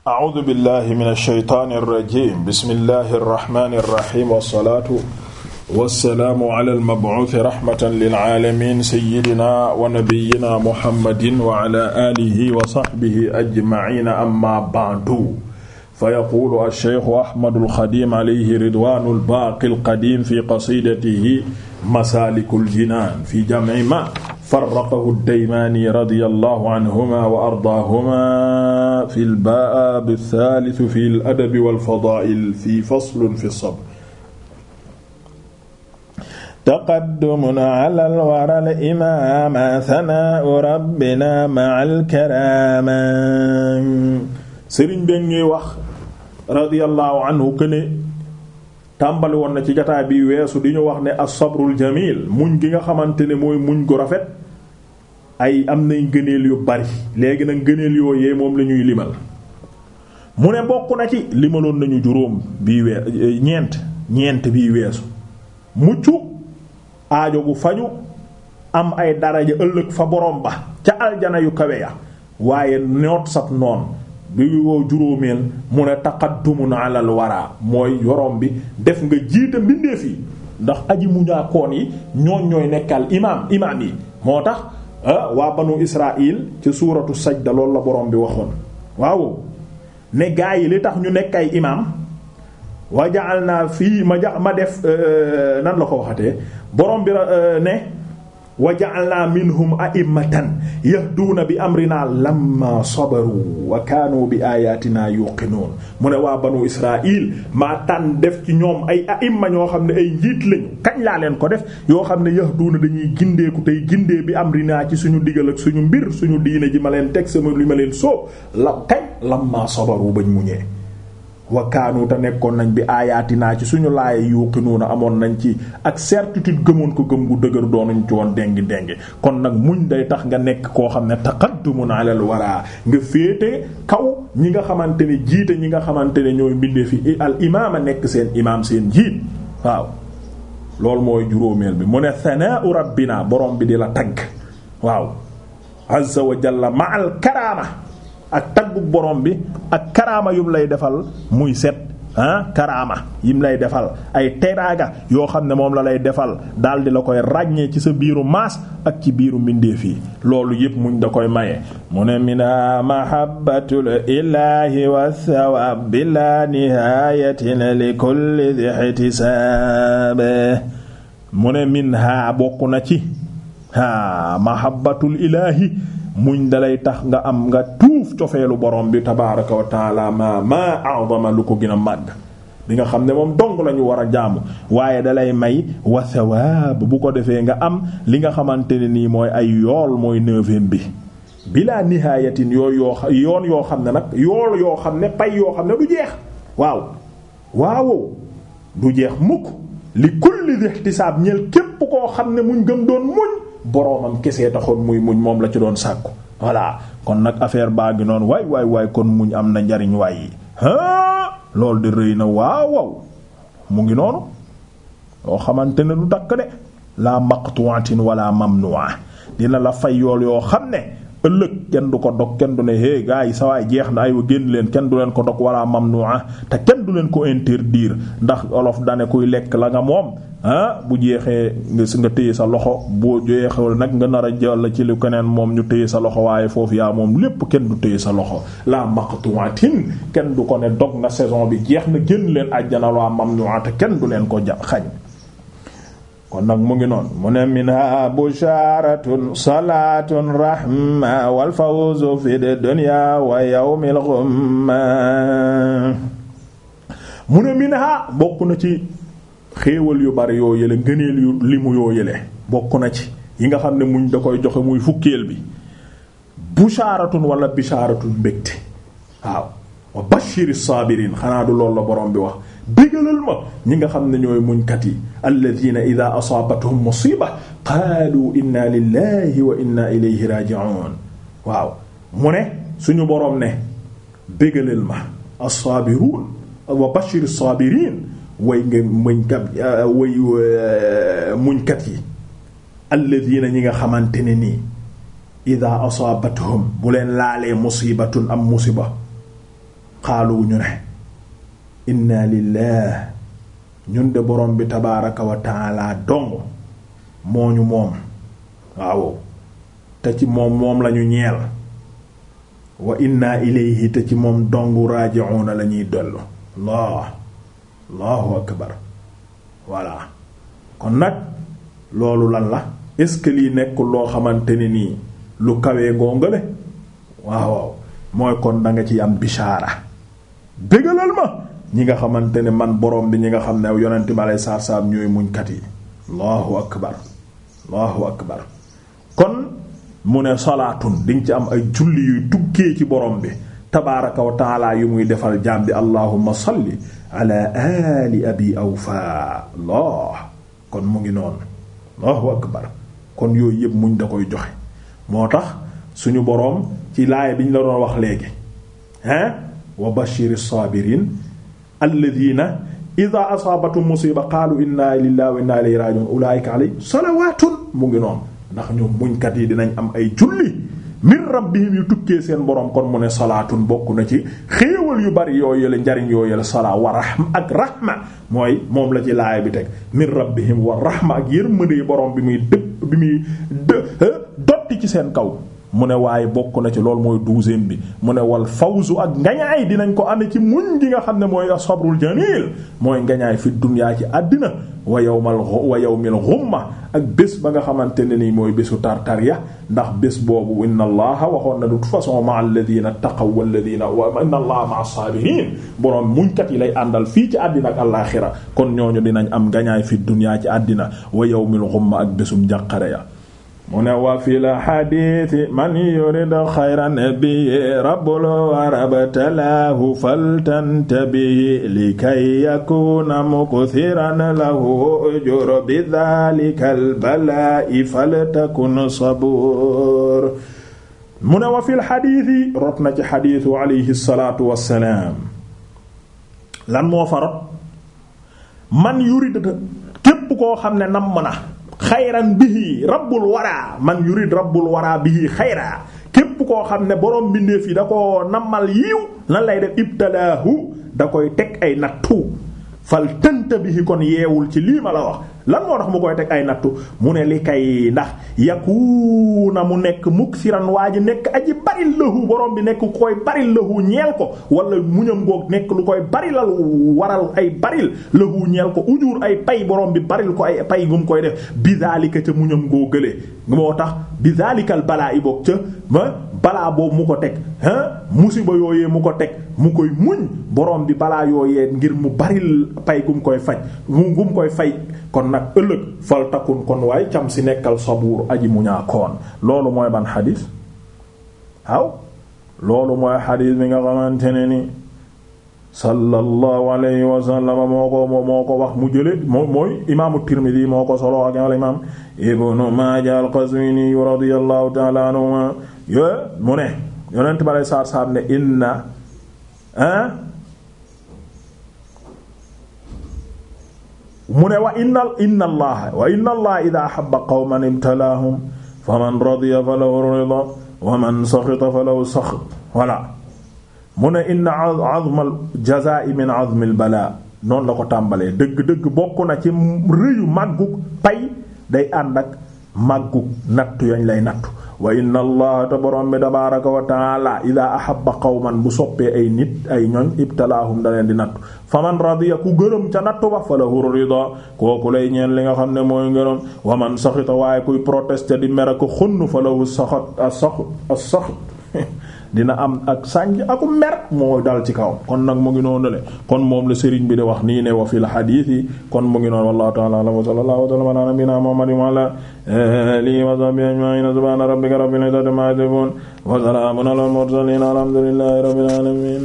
A'uuzu billaahi mina shaytaani rajiim bismillaahi rahmaani rahiim wassalaatu wassalaamu alal mab'uusi rahmatan lil aalamiin sayyidinaa wa nabiyyinaa Muhammadin wa alaa aalihi wa sahbihi ajma'iin ammaa ba'du fayaquulu ash-shaykhu Ahmadul Xadiim alayhi ridwaanul baaqil qadiim fi qasiidatihi Masaalikul Jinaan fi jam'i maa farraqahu ad-Daymaani radiyallahu anhuma wa ardaahuma fi al-baab ath-thaalith fi al-adab wal-fadaa'il fi faslun fi as-sabr taqaddumun ala al-wara al-imaama thanaa'u rabbina ma'a al-karaama sëriñ bi ñuy wax radiyallahu anhu tàmbali woon na ci jataay bi weesu di ñu wax ne ak sabrul jamil muñ gi nga xamante ne mooy muñ gu rafet ay am nay ngëneel yu bari léegi nag ngëneel yooyee moom lañuy ñuy limal mu ne bokk na ci limaloon nañu juróom bii wee ñeent ñeent bii weesu muccu aajo gu faju am ay daraja ëllëg fa borom ba ca aljana yu kawe ya waaye noot sab noon bi woo juróomeel mu ne taqaddumun alal wara mooy yorom bi def nga jiita mbindeef yi ndax aji muñaakoon yi ñooñ ñooy nekkaal imaam imaam yi moo tax ah, waa banu israil ci suuratu sajda loolu la borom bi waxoon waaw ne gaa yi li tax ñu nekk ay imaam wa ja'alna fii ma ja ma def euh, nan la ko waxatee borom bi euh, ne wa ja'alna minhum a'immatan duuna bi amrina lamma sabaru wa kaanu bi ayatina yuqinuun mu ne waa banu israil maa tànn def ci ñoom ay a'imma ñoo xam ne ay njiit lañu kañ laa leen ko def yoo xam ne yahduuna dañuy gindeeku tey gindee bi amrina ci suñu digal ak suñu mbir suñu diine ji ma leen teg sama li ma leen soo la kañ lamma sabaru bañ muñee wa kaanuuta nekkoon nañ bi aayaatinaa ci suñu laay laaye yuuqinuuna amoon nañ ci ak certitude gëmoon ko gëm gu dëgër doonuñ ci woon déngi déngi kon nag muñ day tax nga nekk koo xam ne taqaddumun alal waraa nga féete kaw ñi nga xamante ne jiite ñi nga xamante ne ñooy mbindee fi imaam a nekk seen imaam seen jiit waaw loolu mooy juróomeel bi mu ne sana'u rabbina borom bi di la tagg waaw azza wa jalla ma'al ak taggu borom bi ak karaama yum lay defal muy set ah karaama yim lay defal ay teraaga yoo xam ne moom la lay defal daal di la koy ràññee ci sa biiru maas ak ci biiru mbindeef yi loolu yëpp muñ da koy maye mu ne mina mahabbatul ilahi wa min ha bokk na ci ha mahabbatul ilahi muñ dalay tax nga am nga tuuf cofeelu borom bi tabaaraka wa taala ma ma a'zama lu ko gën a màgg li nga xam ne moom dong lañu war a jàmm waaye dalay may wa bu ko defee nga am li nga xamante ne nii mooy ay yool mooy neuvième bi bila nihaayatin yooyu yoo yoon yoo xam ne nag yool yoo xam ne pay yoo xam ne du jeex waaw waaw du jeex mukk li kulli ihtisaab ñel képp koo xam ne muñ gëm doon muñ boroomam kese taxoon muy muñ moom la ci doon sàkku voilà kon nag affaire baa ngi noonu waay waay waay kon muñ am na njariñ waay yi ah loolu de rëy na waaw waaw mu ngi noonu yoo xamante ne du dakk de la maqtu'atin wala mamnu'a dina la fay yool yoo xam ne ëllëg kenn du ko dog kenn du ne hé gars yi sawaay jeex na ay wa génn leen kenn du leen ko dog wala mamnu'a te kenn du leen ko interdire ndax olof dane kuy lekk la nga moom ah bu jeexee nga si nga téye sa loxo boo jeexewul nag nga nar a jàll ci lu keneen moom ñu téye sa loxo waaye foofu yaa moom lépp kenn du téye sa loxo la maqtu'atin kenn du ko ne dog na saison bi jeex na génn leen àjjana waa mamnu'a te kenn du leen ko ja xaj kon nag mu ngi noonu mu ne minha busharatun salatun rahma wal fawzu fi dunya wa yawmil ghumma mu ne minha bokk na ci xéewal yu bari yoo yële ngëneel yu limu yoo yële bokk na ci yi nga xam ne mu da koy joxe muy fukkeel bi busharatun wala bisharatun mbégte waaw wa bashiri saabiriin xanaa du loolu la borom bi wax bégalal ma ñi nga xam ne ñooy muñkat yi alladina ida asaabathum musiba qaalu inna lillahi wa inna ilayhi raji'un waaw mu ne suñu boroom ne bégalal ma as-saabirun wa bashir as-saabiriin way nga muñkat way uh, muñkat yi alladina ñi nga xamante ne nii ida asaabathum bu leen laalee musibatun am musiba qaalu ñu ne inna lillah ñun de borom bi tabaaraka wa taala dong moo ñu moom waaw te ci moom moom lañu ñeel wa inna ilayhi te ci moom dong raaji'uuna la lañuy dellu allahu akbar voilà kon nag loolu lan la est yi que nekkul loo xamante ni nii lu kawee gongale waaw waaw mooy kon da ci am bishaara bégalal ma ñi nga xamante ne man borom bi ñi nga xam ne aw yonente bi alay saab ñooy muñkat yi allahu akbar allahu akbar kon mu ne salaatun diñ ci am ay julli yuy tukkee ci borom bi tabaaraka wa taala yu muy defal jaam bi allahumma salli ala ali abi awfa allah kon mu ngi noonu allahu akbar kon yooyu yëpp muñ da koy joxe moo tax suñu borom ci laaya bi ñu la doon wax léegi hein wa bashiri saabiriin alladhina idha asabatu musiba qaalu inna lillahi wa inna ilayhi raji'un ulaika alayhim salawatun mu ngi noonu ndax ñoom muñkat yi dinañ am ay julli min rabbihim yu tukkee seen borom kon mu ne salaatun bokk na ci xéewal yu bari yoo yële njariñ yoo yële salaa wa rahma ak rahma mooy moom la ci laaya bi teg min rabbihim wa rahma ak yërmande borom bi muy dëpp bi muy eh, dotti ci seen kaw mu ne waaye bokk na ci loolu mooy douzième bi mu ne wal fawzu ak ngañaay dinañ ko amee ci muñ gi nga xam ne mooy as-sabrul mooy ngañaay fi dunyaa ci àddina wa yawmal wa yawmil ghumma ak bés ba nga xamante ne nii mooy bésu tartarya ndax bés boobu inna allaha waxoon na de toute façon ma alladhina taqaw walladhina wa inna allaha ma'a as-sabirin boroom muñkat yi lay àndal fii ci àddina ak alaaxira kon ñooñu dinañ am ngañaay fi dunyaa ci àddina wa yawmil ghumma ak bésum njàqare ya mu ne wa fil xadiiti man yurid xayran bihi rabbul warab talaahu faltantabihi likay yakuna mukthiran lahu ujur bi dhalika al balaa'i faltakun sabuur mu ne wa fil xadiiti rot na ci xadiitu alayhi salaatu wassalaam lan moo fa rot man yurid képp koo xam ne namm na xayran bihi rabbul wara man yurid rabbul wara bihi xayra képp koo xam ne borom bindeef yi da ko nammal yiiw nan lay def ibtalaahu da koy teg ay nattu fal bi bihi kon yeewul ci lii ma la wax lan moo tax mu koy teg ay nattu mu ne li kay ndax na mu nekk muksiran waa ji nekk aji baril lahu borom bi nekk ku koy baril lahu ñeel ko wala muñam goog nekk lu koy barilal waral ay baril lahu ñeel ko ujur ay pay borom bi baril ko ay pay gum koy def bizaalika ca muñam goo gëlee moo tax bizaalikal balaa i boog ca balaa boobu mu ko teg ah musiba yooyee mu ko teg mu koy muñ borom bi balaa yooyee ngir mu bari pay gum koy faj mu gum koy fay kon nag ëllëg fal takkun kon waaye cam si nekkal sabuur aji muñaa koon loolu mooy ban xadiis waaw loolu mooy xadiis bi nga xamante ne ni sallallahu alayhi wa moo ko moo ko wax mu jële moo mooy imaamu Tirmidi moo ko solo ak al Ibnu Maaja al-Qazwini radiyallahu ta'ala anhu yo mu ne yonent bi alei saatu salaam ne inna ah mu ne wa inna inna allaha wa inna allaha ida ahabba qawman ibtalaahum fa man radiya fa lahu rida wa man saxita fa lahu saxit voilà mu ne inna azma al jazaa'i min azmi al balaa noonu la ko tàmbalee dëgg-dëgg bokk na ci rëyu màggug pay day ànd ak màggug nattu yañ lay nattu wa inna allaha te borom bi tabaaraka wa taala ida ahabba qawman bu soppee ay nit ay ñoñ ibtalaahum da leen di nattu faman radiya ku gërëm ca nattu ba falahu rida kooku lay ñeen li nga xam ne mooy ngërëm wa man saxita waaye kuy protester di mer ak xunn falahu saxat as saxut as dina am ak sànj aku mer moo dal ci kaw kon nag mu ngi noonu le kon moom la sëriñ bi di wax nii ne wa fil hadith yi kon mu ngi noonu wallahu ta'ala wa sallallahu wa sallama ala a muhammadin a ala alihi wa sahbihi ajma'in subhana rabbika rabbil izzati amma yasifun wa salamun ala al mursalin alhamdulillahi rabbil alamin